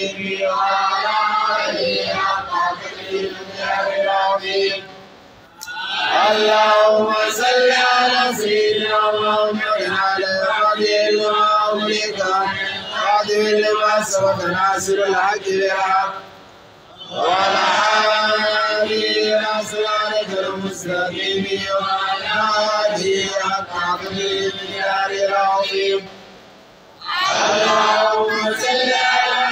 وصحبه وعلى آله حق العظيم اللهم صل على سيدنا محمد على هذه المولد خاتم لما سبق ناصر الحق بالحق وعلى آله أسرارك المستقيم وعلى آله حق قدره العظيم اللهم صل على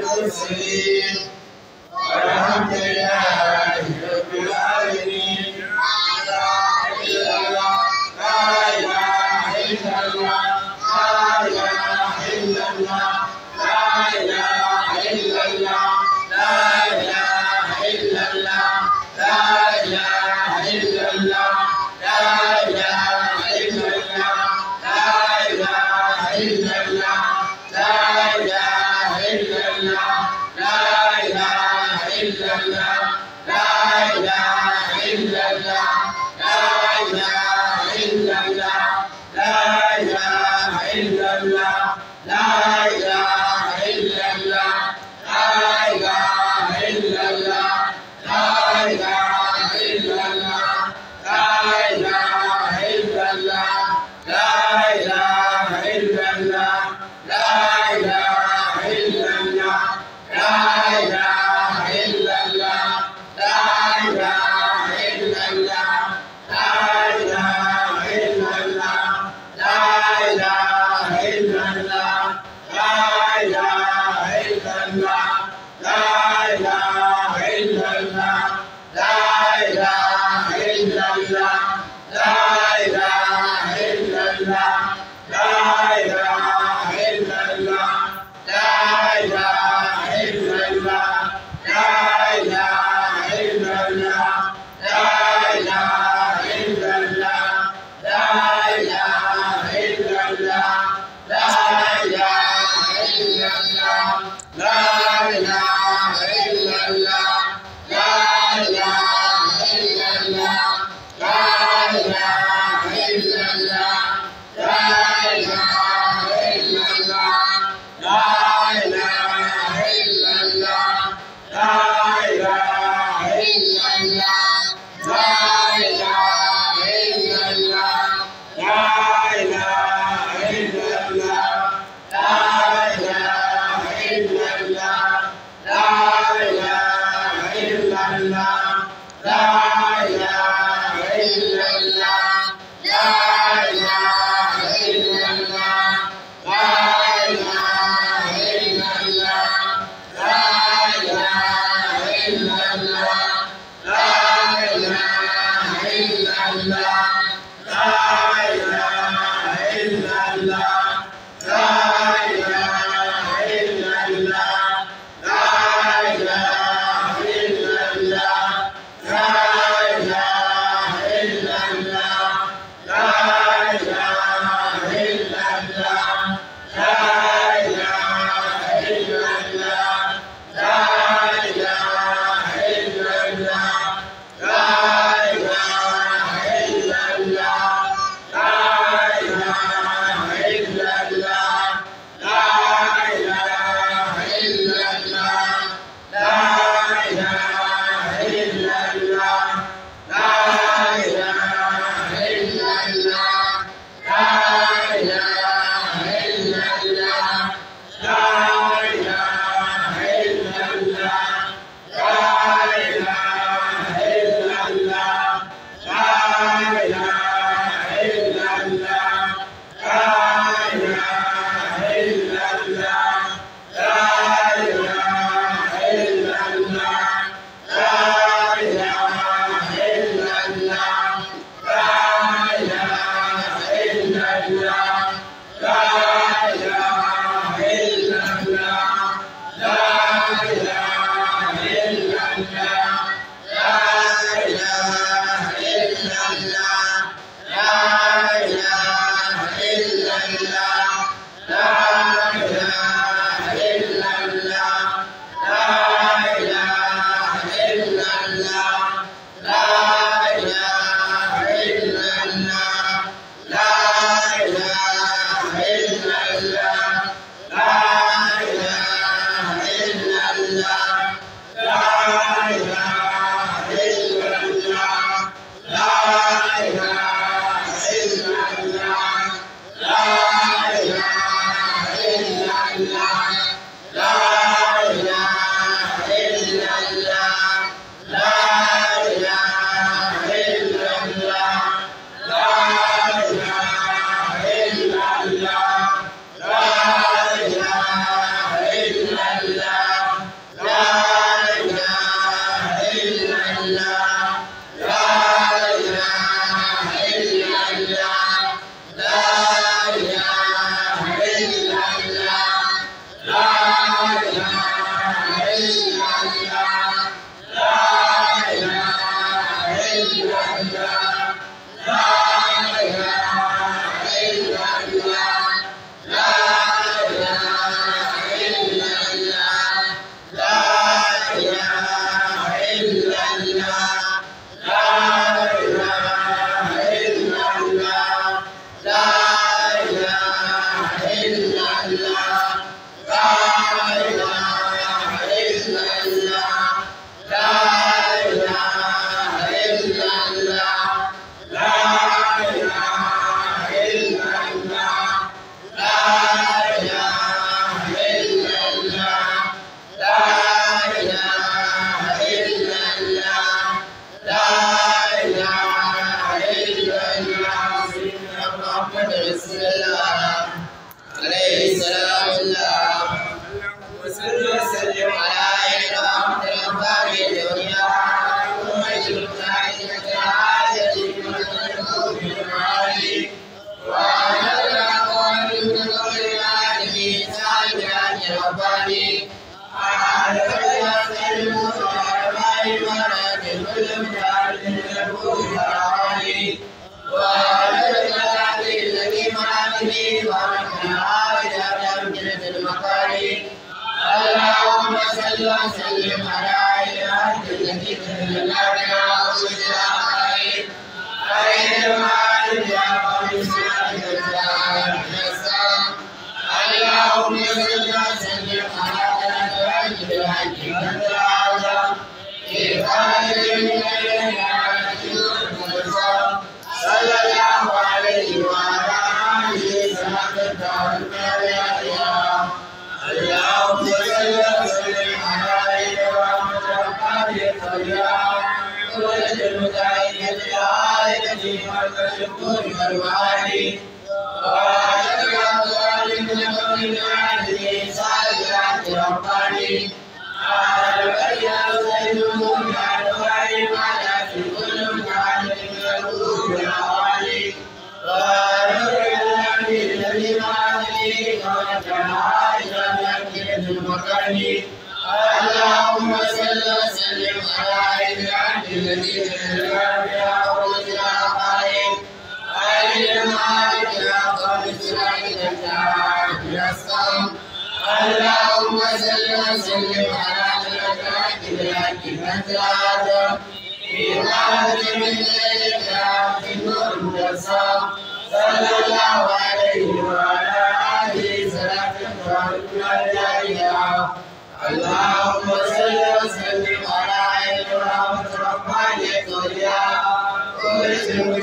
Para ampliar I am الشكور والمعالي وأشهد أن اللهم صل وسلم على عيد الذي في الغابة مالك قد سعدنا نسأل اللهم صل وسلم على حضرتك إلهك آدم في هذا من ذلك في نور صلى الله عليه وعلى آله صلاة الله اللهم صل وسلم على عين رحمة ربانية وليا ورسل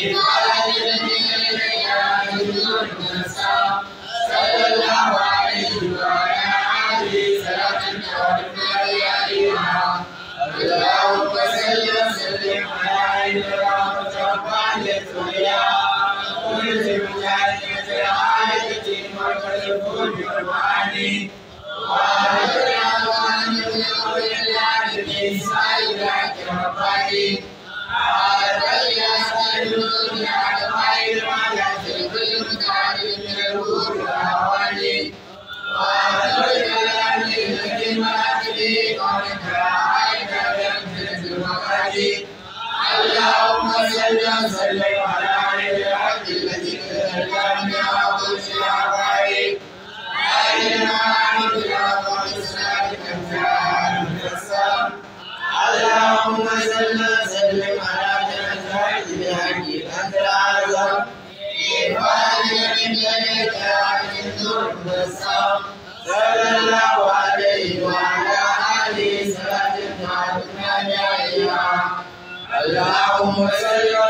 Yeah. وسلم على عين العبد الذي نزلنا من عطش العطاء عين العالم العطش السالك امتعان الكسام اللهم صل وسلم على جنازات الهدي انت الاعظم فاعلم من ذلك عن الدر والسام صلى الله عليه وعلى اله صلاه معلومه اللهم صل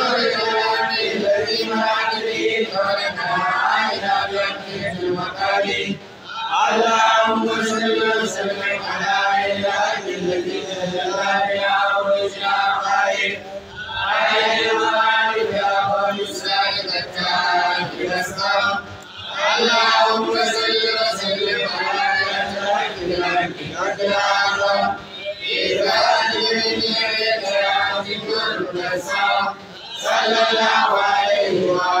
وعلى عم وسلم على علاج التي تجلى بها وجه خير على المعارف والنساء التام الاسلام اللهم سلم وسلم على علاج التي تجلى إذا أدركت يا عبد المنسى صلى الله عليه وسلم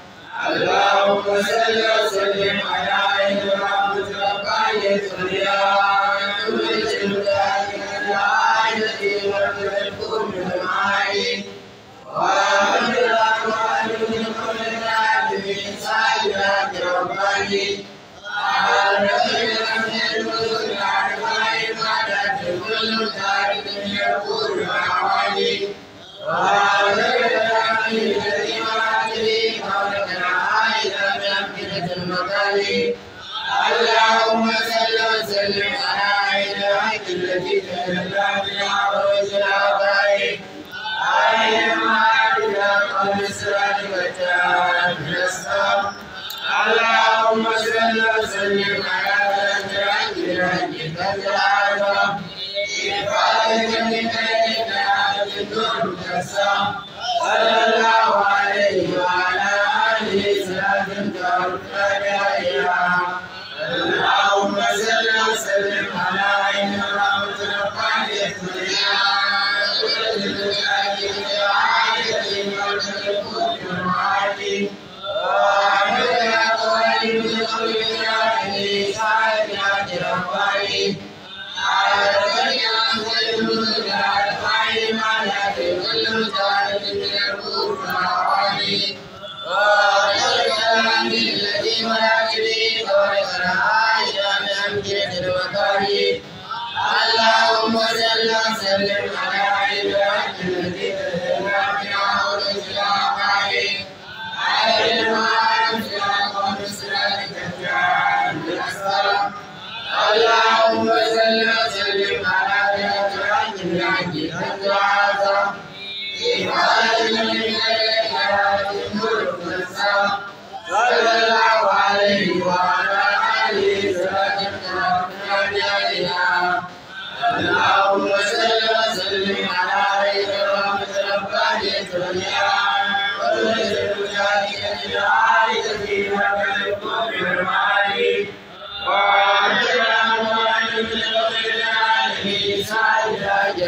اللهم صل وسلم على اللهم صل وسلم على سيدنا العالم إفادة من أين صلى الله عليه وعلى آله سلام تركنا اللهم صل وسلم على عبادك الذي تزوجت معه الاسلام عليك علم وعلم ومسرتك تعالى اللهم صل وسلم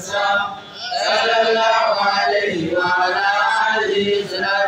صلى الله عليه وعلى آله وسلم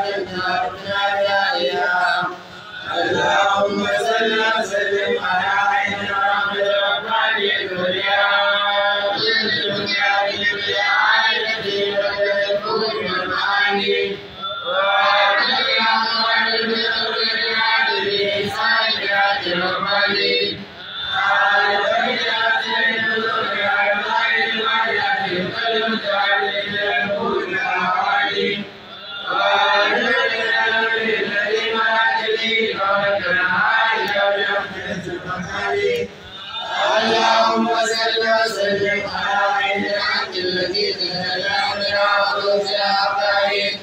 وسلم على عن الحق التي تتبعنا وترجع قريب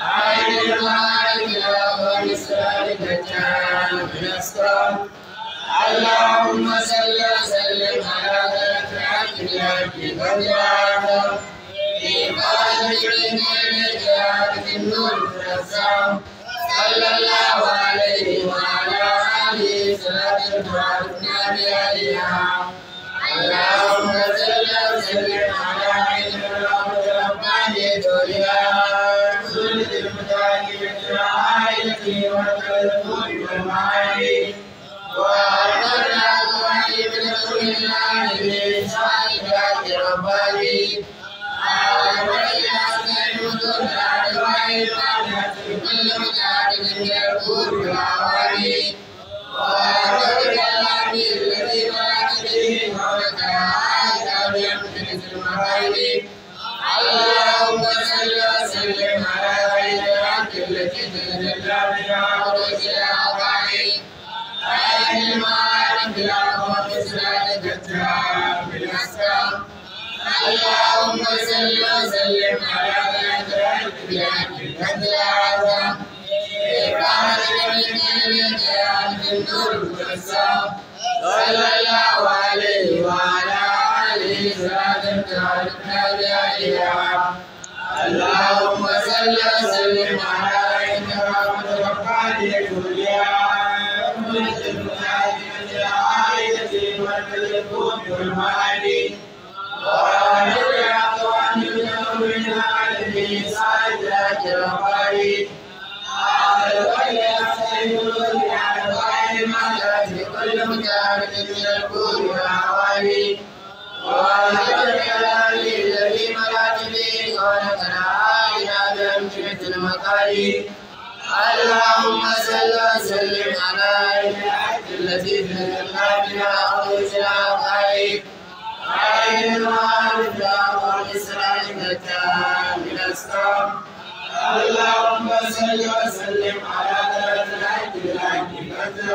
عين الغائب والسالكتان بنصرا اللهم صل وسلم على ذات عبد العبد والجعفر في قلبك لديك في النور والسلام صلى الله عليه وعلى آله صلاة تعرفنا بأيام allowed اللهم صل وسلم على ذات صلى الله عليه وعلى آله وسلم تعرفنا اللهم صل وسلم على إبراهيم رحمة ربانية الأرض كل متعبد من الكون والعوالي وأشهد على الذي مرات به عائله عالية بأمكنة المقالي اللهم صل وسلم على التي في جناتنا وخلقنا وخير عين الوالد والإسراء التام الأسلام اللهم صل وسلم على